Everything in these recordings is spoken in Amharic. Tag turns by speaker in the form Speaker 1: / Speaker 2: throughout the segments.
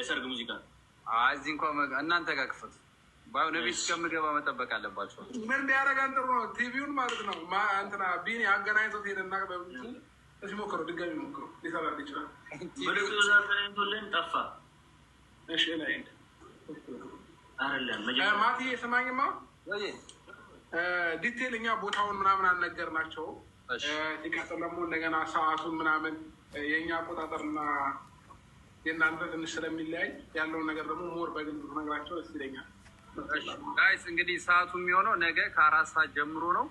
Speaker 1: የሰርግ ሙዚቃ
Speaker 2: እዚህ እንኳ እናንተ ጋር ክፍት ባይሆን ቤት እስከምገባ መጠበቅ አለባቸው።
Speaker 3: ምን ቢያደርጋን ጥሩ ነው? ቲቪውን ማለት ነው እንትና ቢኒ አገናኝቶት ሄደና በብቱ እሺ፣ ሞክረው ድጋሚ ሞክረው ሊሰራ ይችላል።
Speaker 1: ተገናኝቶልን ጠፋ። እሺ ላይ አይደለም
Speaker 3: ማቲ ስማኝማ ዲቴል እኛ ቦታውን ምናምን አልነገርናቸውም። ሲቀጥል ደግሞ እንደገና ሰዓቱን ምናምን የእኛ አቆጣጠርና የእናንተ ትንሽ ስለሚለያይ ያለውን ነገር ደግሞ ሞር በግልጽ ነገራቸው ደስ ይለኛል።
Speaker 2: ጋይስ እንግዲህ ሰዓቱ የሚሆነው ነገ ከአራት ሰዓት ጀምሮ ነው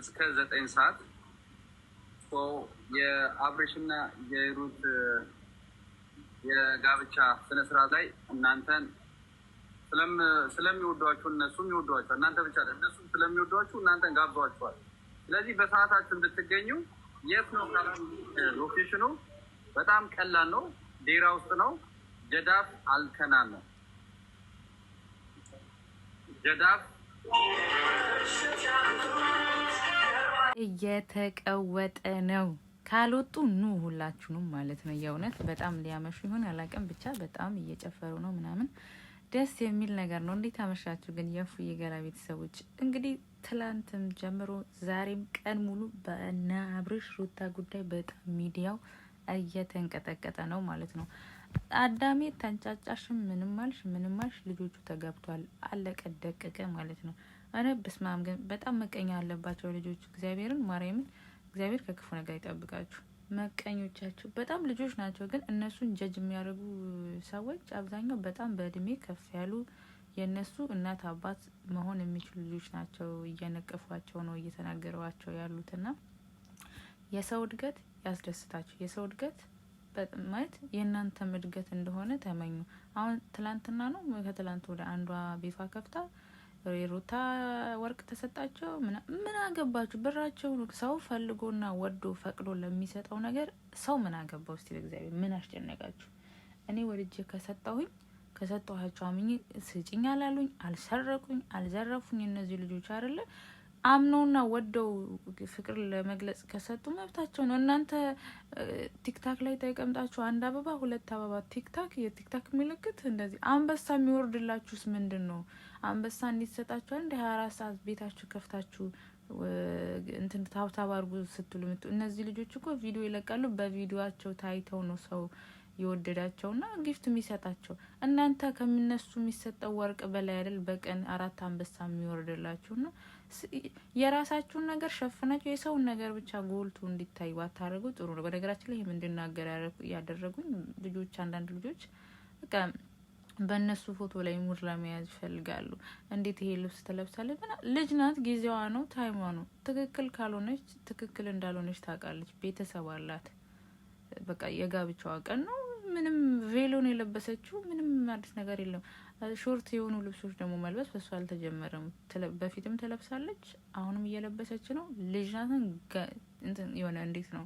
Speaker 2: እስከ ዘጠኝ ሰዓት የአብሬሽ እና የሩት የጋብቻ ስነስርዓት ላይ እናንተን ስለሚወዷችሁ እነሱም ይወዷችኋል። እናንተ ብቻ እነሱም ስለሚወዷችሁ እናንተን ጋብዟቸዋል። ስለዚህ በሰዓታችሁ እንድትገኙ የት ነው ሎኬሽኑ? በጣም ቀላል ነው። ዴራ ውስጥ ነው። ጀዳፍ አልከና ነው። ጀዳፍ
Speaker 4: እየተቀወጠ ነው። ካልወጡ ኑ ሁላችሁንም ማለት ነው። የእውነት በጣም ሊያመሹ ይሆን አላውቅም፣ ብቻ በጣም እየጨፈሩ ነው ምናምን ደስ የሚል ነገር ነው። እንዴት አመሻችሁ ግን የፉዬ ገላ ቤተሰቦች? እንግዲህ ትላንትም ጀምሮ ዛሬም ቀን ሙሉ በእነ አብርሽ ሩታ ጉዳይ በጣም ሚዲያው እየተንቀጠቀጠ ነው ማለት ነው። አዳሜ ተንጫጫሽ ምንም አልሽ፣ ምንም አልሽ፣ ልጆቹ ተገብቷል አለቀ ደቀቀ ማለት ነው። አረ በስማም ግን በጣም መቀኛ አለባቸው ልጆቹ። እግዚአብሔርን ማርያምን፣ እግዚአብሔር ከክፉ ነገር ይጠብቃችሁ። መቀኞቻችሁ በጣም ልጆች ናቸው፣ ግን እነሱን ጀጅ የሚያደርጉ ሰዎች አብዛኛው በጣም በእድሜ ከፍ ያሉ የእነሱ እናት አባት መሆን የሚችሉ ልጆች ናቸው። እየነቀፏቸው ነው እየተናገሯቸው ያሉትና የሰው እድገት ያስደስታችሁ። የሰው እድገት ማለት የእናንተም እድገት እንደሆነ ተመኙ። አሁን ትላንትና ነው ከትላንት ወደ አንዷ ቤፋ ከፍታ የሩታ ወርቅ ተሰጣቸው። ምን አገባችሁ? ብራቸው ሰው ፈልጎና ወዶ ፈቅዶ ለሚሰጠው ነገር ሰው ምን አገባው? እስቲ በእግዚአብሔር ምን አስጨነቃችሁ? እኔ ወድጄ ከሰጠሁኝ ከሰጠኋቸው አምኜ ስጭኝ አላሉኝ፣ አልሰረቁኝ፣ አልዘረፉኝ እነዚህ ልጆች አይደለ አምነውና ወደው ፍቅር ለመግለጽ ከሰጡ መብታቸው ነው። እናንተ ቲክታክ ላይ ተቀምጣችሁ አንድ አበባ ሁለት አበባ ቲክታክ የቲክታክ ምልክት እንደዚህ አንበሳ የሚወርድላችሁስ ምንድን ነው? አንበሳ እንዲሰጣችሁ እንደ ሀያ አራት ሰዓት ቤታችሁ ከፍታችሁ እንትን ታብታብ አድርጉ ስትሉ ምት እነዚህ ልጆች እኮ ቪዲዮ ይለቃሉ። በቪዲዮቸው ታይተው ነው ሰው የወደዳቸውና ጊፍት የሚሰጣቸው። እናንተ ከሚነሱ የሚሰጠው ወርቅ በላይ አይደል? በቀን አራት አንበሳ የሚወርድላችሁ ነው። የራሳችሁን ነገር ሸፍናችሁ የሰውን ነገር ብቻ ጎልቶ እንዲታይ ባታደርጉ ጥሩ ነው። በነገራችን ላይ ይህም እንድናገር ያደረጉኝ ልጆች አንዳንድ ልጆች በቃ በእነሱ ፎቶ ላይ ሙድ ለመያዝ ይፈልጋሉ። እንዴት ይሄ ልብስ ትለብሳለች? ልጅ ናት፣ ጊዜዋ ነው፣ ታይሟ ነው። ትክክል ካልሆነች ትክክል እንዳልሆነች ታውቃለች። ቤተሰብ አላት። በቃ የጋብቻዋ ቀን ነው ምንም ቬሎን የለበሰችው። ምንም አዲስ ነገር የለም። ሾርት የሆኑ ልብሶች ደግሞ መልበስ በሱ አልተጀመረም። በፊትም ትለብሳለች፣ አሁንም እየለበሰች ነው። ልጅ ናትን የሆነ እንዴት ነው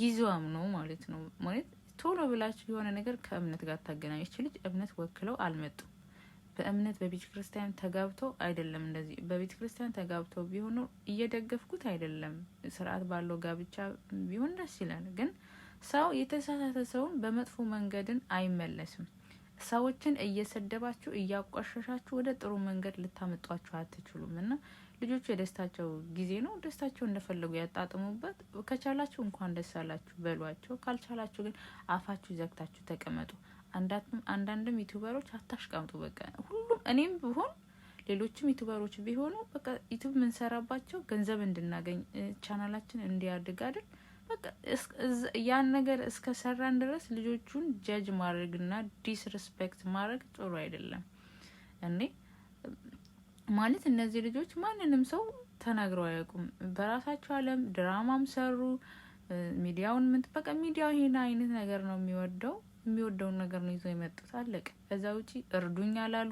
Speaker 4: ጊዜዋም ነው ማለት ነው። ማለት ቶሎ ብላችሁ የሆነ ነገር ከእምነት ጋር ታገናኘች። ልጅ እምነት ወክለው አልመጡም። በእምነት በቤተ ክርስቲያን ተጋብተው አይደለም እንደዚህ። በቤተ ክርስቲያን ተጋብተው ቢሆኑ እየደገፍኩት አይደለም። ስርዓት ባለው ጋብቻ ቢሆን ደስ ይላል ግን ሰው የተሳሳተ ሰውን በመጥፎ መንገድን አይመለስም። ሰዎችን እየሰደባችሁ እያቋሸሻችሁ ወደ ጥሩ መንገድ ልታመጧችሁ አትችሉም እና ልጆቹ የደስታቸው ጊዜ ነው። ደስታቸው እንደፈለጉ ያጣጥሙበት። ከቻላችሁ እንኳን ደስ አላችሁ በሏቸው። ካልቻላችሁ ግን አፋችሁ ዘግታችሁ ተቀመጡ። አንዳንድም ዩቱበሮች አታሽቀምጡ። በቃ ሁሉም እኔም ብሆን ሌሎችም ዩቱበሮች ቢሆኑ በቃ ዩቱብ የምንሰራባቸው ገንዘብ እንድናገኝ ቻናላችን እንዲያድግ አይደል በቃ ያን ነገር እስከ ሰራን ድረስ ልጆቹን ጀጅ ማድረግና ዲስሪስፔክት ማድረግ ጥሩ አይደለም። እኔ ማለት እነዚህ ልጆች ማንንም ሰው ተናግረው አያውቁም። በራሳቸው ዓለም ድራማም ሰሩ። ሚዲያውን ምንት በቃ ሚዲያው ይሄን አይነት ነገር ነው የሚወደው የሚወደውን ነገር ነው ይዘው የመጡት አለቀ። ከዛ ውጪ እርዱኝ አላሉ፣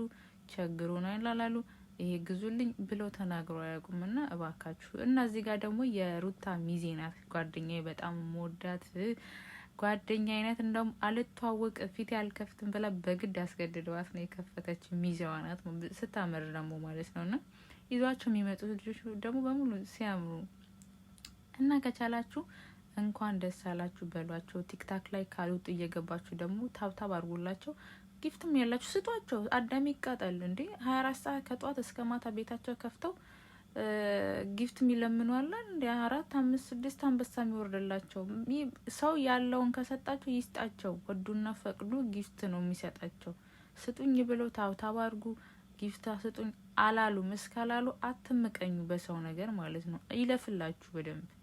Speaker 4: ቸግሩን አይላላሉ። ይሄ ግዙልኝ ብለው ተናግሮ አያውቁም። እና እባካችሁ እና እዚህ ጋር ደግሞ የሩታ ሚዜ ናት ጓደኛ በጣም መወዳት ጓደኛ አይነት እንደውም አልተዋወቅ ፊት ያልከፍትም ብላ በግድ አስገድደዋት ነው የከፈተች። ሚዜዋ ናት ስታምር ደግሞ ማለት ነው። ይዟቸው የሚመጡት ልጆች ደግሞ በሙሉ ሲያምሩ እና ከቻላችሁ እንኳን ደስ አላችሁ በሏቸው። ቲክታክ ላይ ካልወጡ እየገባችሁ ደግሞ ታብታብ አድርጉላቸው። ጊፍትም ያላችሁ ስጧቸው። አዳሚ ይቃጠል እንዴ! ሀያ አራት ሰዓት ከጠዋት እስከ ማታ ቤታቸው ከፍተው ጊፍት የሚለምኑ አለ እንዴ? አራት አምስት ስድስት አንበሳ የሚወርድላቸው ሰው ያለውን ከሰጣቸው ይስጣቸው። ወዱና ፈቅዱ ጊፍት ነው የሚሰጣቸው። ስጡኝ ብለው ታው ታባርጉ ጊፍት ስጡኝ አላሉም። እስካላሉ አትምቀኙ በሰው ነገር ማለት ነው። ይለፍላችሁ በደንብ